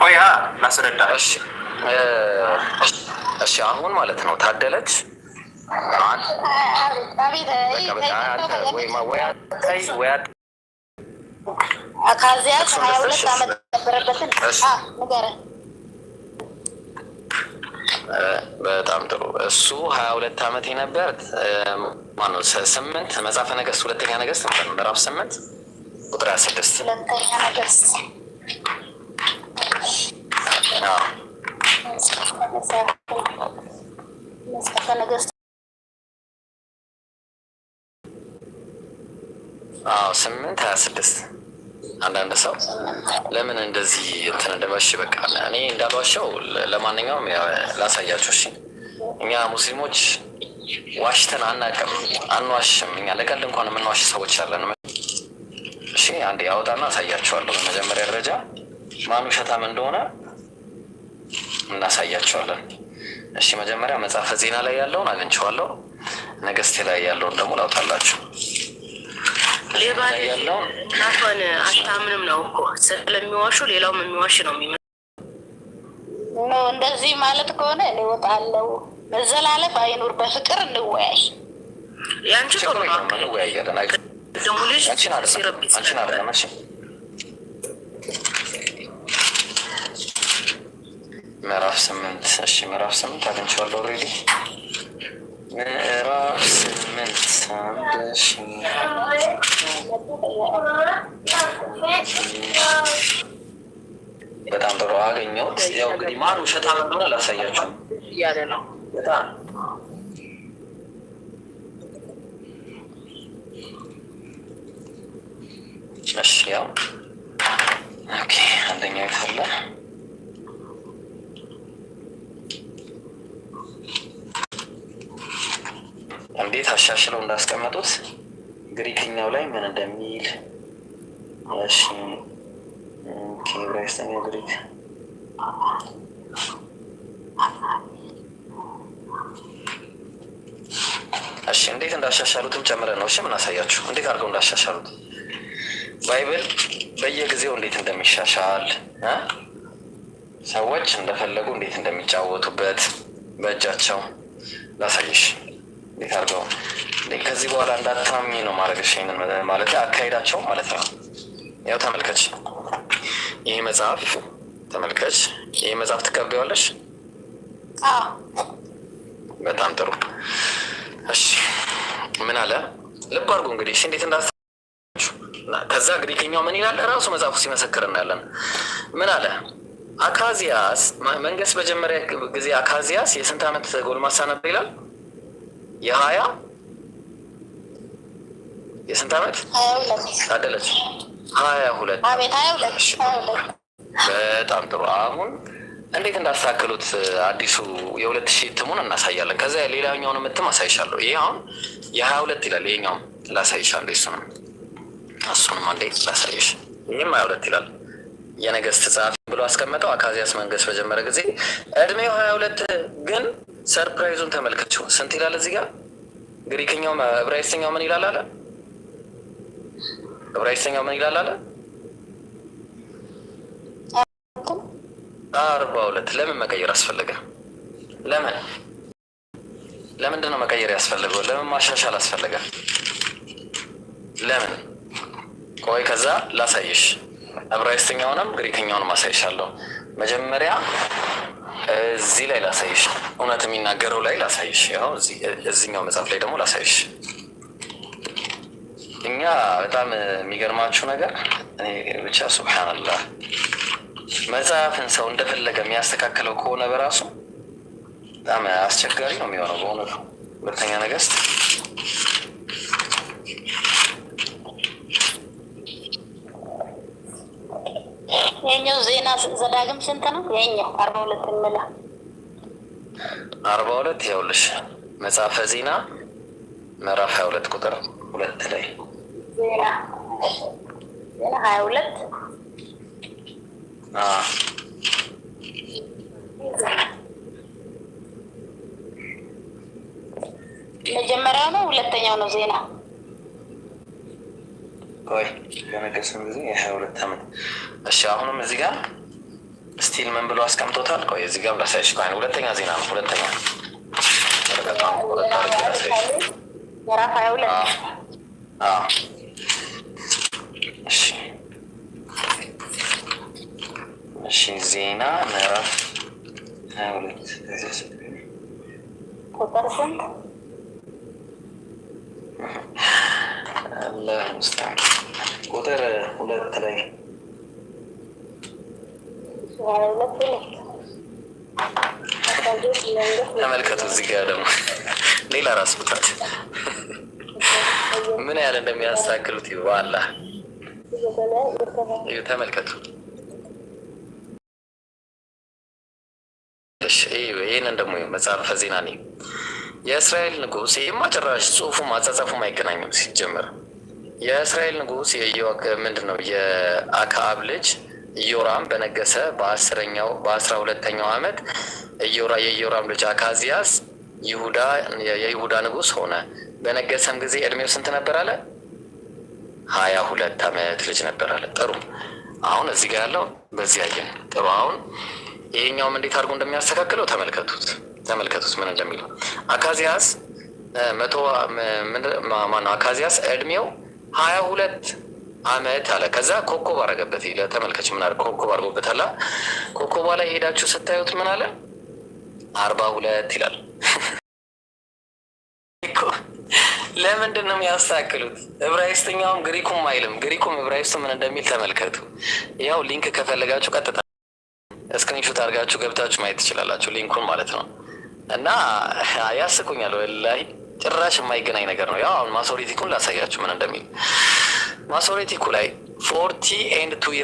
ቆያ ላስረዳ። እሺ አሁን ማለት ነው ታደለች በጣም ጥሩ። እሱ ሀያ ሁለት ዓመት የነበር ማነው? ስምንት መጽሐፈ ነገስት ሁለተኛ ነገስት ምዕራፍ ስምንት ቁጥር ስድስት መጽሐፈ ስምንት ሀያ ስድስት አንዳንድ ሰው ለምን እንደዚህ እንትን እንደመሽ በቃ እኔ እንዳልዋሸው ለማንኛውም ላሳያችሁ። እሺ እኛ ሙስሊሞች ዋሽተን አናቅም፣ አንዋሽም። እኛ ለቀልድ እንኳን የምንዋሽ ሰዎች አለን። እሺ አንዴ አወጣና አሳያችኋለሁ። በመጀመሪያ ደረጃ ማን ውሸታም እንደሆነ እናሳያቸዋለን። እሺ መጀመሪያ መጽሐፈ ዜና ላይ ያለውን አግኝቼዋለሁ። ነገስቴ ላይ ያለውን ደግሞ ላውጣላችሁ። ሌባ ያለውን እናቷን አታምንም ነው እኮ ስለሚዋሹ፣ ሌላውም የሚዋሽ ነው የሚመ እንደዚህ ማለት ከሆነ እኔ እወጣለሁ። መዘላለፍ አይኑር፣ በፍቅር እንወያይ። ያንቺ ጦር ነው እንወያያለን። ደሙ ልጅ ሲረብ ይችላል። ምዕራፍ ስምንት እሺ፣ ምዕራፍ ስምንት አግኝቼዋለሁ ኦልሬዲ። ምዕራፍ ስምንት በጣም ጥሩ አገኘሁት። ያው እንግዲህ ማን ውሸታም እንደሆነ አላሳያችሁም እያለ ነው በጣም እሺ ያው ኦኬ አንደኛ የት እንዴት አሻሽለው እንዳስቀመጡት ግሪክኛው ላይ ምን እንደሚል እሺ፣ ግሪክ እሺ፣ እንዴት እንዳሻሻሉትም ጨምረን ነው እሺ፣ ምን አሳያችሁ፣ እንዴት አድርገው እንዳሻሻሉት ባይብል በየጊዜው እንዴት እንደሚሻሻል ሰዎች እንደፈለጉ እንዴት እንደሚጫወቱበት በእጃቸው ላሳይሽ። ከዚህ በኋላ እንዳታምኝ ነው ማድረግሽ። ይሄንን ማለት አካሄዳቸው ማለት ነው። ያው ተመልከች፣ ይህ መጽሐፍ ተመልከች፣ ይህ መጽሐፍ ትቀበዋለሽ። በጣም ጥሩ። እሺ ምን አለ? ልብ አድርጎ እንግዲህ እሺ፣ እንዴት እንዳስ ከዛ ግሪክኛው ምን ይላል እራሱ መጽሐፉ ሲመሰክር እናያለን። ምን አለ? አካዚያስ መንገስ በጀመሪያ ጊዜ አካዚያስ የስንት ዓመት ጎልማሳ ነበር ይላል? የሀያ የስንት አመት ታደለች? ሀያ ሁለት በጣም ጥሩ። አሁን እንዴት እንዳስተካከሉት አዲሱ የሁለት ሺህ እትሙን እናሳያለን። ከዚ ሌላኛውን እትም አሳይሻለሁ። ይሄ አሁን የሀያ ሁለት ይላል። ይሄኛውም ላሳይሻለሁ። እሱንም እሱንም አንዴ ላሳይሽ። ይህም ሀያ ሁለት ይላል። የነገስት ጸሐፊ ብሎ አስቀመጠው። አካዚያስ መንገስ በጀመረ ጊዜ እድሜው ሀያ ሁለት ግን ሰርፕራይዙን ተመልከችው። ስንት ይላል እዚህ ጋር ግሪክኛው ዕብራይስተኛው ምን ይላል አለ ዕብራይስተኛው ምን ይላል አለ? አርባ ሁለት ለምን መቀየር አስፈለገ? ለምን ለምንድን ነው መቀየር ያስፈልገው? ለምን ማሻሻል አስፈለገ? ለምን? ቆይ ከዛ ላሳይሽ። ዕብራይስተኛውንም ግሪክኛውንም አሳይሻለሁ መጀመሪያ እዚህ ላይ ላሳይሽ፣ እውነት የሚናገረው ላይ ላሳይሽ። ያው እዚህኛው መጽሐፍ ላይ ደግሞ ላሳይሽ እኛ በጣም የሚገርማችሁ ነገር እኔ ብቻ ሱብሓነላህ መጽሐፍን ሰው እንደፈለገ የሚያስተካከለው ከሆነ በራሱ በጣም አስቸጋሪ ነው የሚሆነው በእውነቱ። ሁለተኛ ነገስት የኛው ዜና ዘዳግም ስንት ነው? የኛው አርባ ሁለት እንላ አርባ ሁለት ይኸውልሽ መጽሐፈ ዜና ምዕራፍ ሀያ ሁለት ቁጥር ሁለት ላይ ዜና ዜና ሀያ ሁለት መጀመሪያው ነው ሁለተኛው ነው ዜና ቆይ በነገስም ጊዜ የሀያ ሁለት ዓመት እሺ አሁንም እዚህ ጋር ስቲል ምን ብሎ አስቀምጦታል ቆይ እዚህ ጋር ላሳይሽ ቆይ ሁለተኛ ዜና ነው ሁለተኛ ምዕራፍ ሀያ ሁለት እሺ ዜና ምዕራፍ ሀያ ሁለት ቁጥር ስንት ቁጥር ሁለት ላይ ተመልከቱ። እዚህ ጋር ደግሞ ሌላ ራስ ምታት ምን ያህል እንደሚያስተካክሉት ይዋላ ተመልከቱ። ይህንን ደግሞ መጽሐፈ ዜና ነኝ። የእስራኤል ንጉስ ይህማ ጭራሽ ጽሁፉም አጻጻፉም አይገናኝም። ሲጀመር የእስራኤል የዮክ ምንድን ነው የአክአብ ልጅ ኢዮራም በነገሰ በአስረኛው በአስራ ሁለተኛው ዓመት የኢዮራም ልጅ አካዚያስ ይሁዳ የይሁዳ ንጉስ ሆነ። በነገሰም ጊዜ እድሜው ስንት ነበር አለ ሀያ ሁለት ዓመት ልጅ ነበር አለ። ጥሩ አሁን እዚህ ጋር ያለው በዚህ አየን። ጥሩ አሁን ይሄኛውም እንዴት አድርጎ እንደሚያስተካክለው ተመልከቱት፣ ተመልከቱት ምን እንደሚለው አካዚያስ መቶ ማነው አካዚያስ እድሜው ሀያ ሁለት አመት አለ። ከዛ ኮኮብ አረገበት ለተመልከች ምን አለ ኮኮብ አድርጎበታል። ኮኮቧ ላይ ሄዳችሁ ስታዩት ምን አለ አርባ ሁለት ይላል። ለምንድን ነው የሚያስተካክሉት? ዕብራይስተኛውም ግሪኩም አይልም። ግሪኩም ዕብራይስቱ ምን እንደሚል ተመልከቱ። ያው ሊንክ ከፈለጋችሁ ቀጥታ ስክሪንሾት አድርጋችሁ ገብታችሁ ማየት ትችላላችሁ፣ ሊንኩን ማለት ነው። እና ያስቁኛል ወላሂ ጭራሽ የማይገናኝ ነገር ነው። ያው አሁን ማሶሬቲኩን ላሳያችሁ ምን እንደሚል ማሶሬቲኩ ላይ ፎርቲ ኤንድ ቱ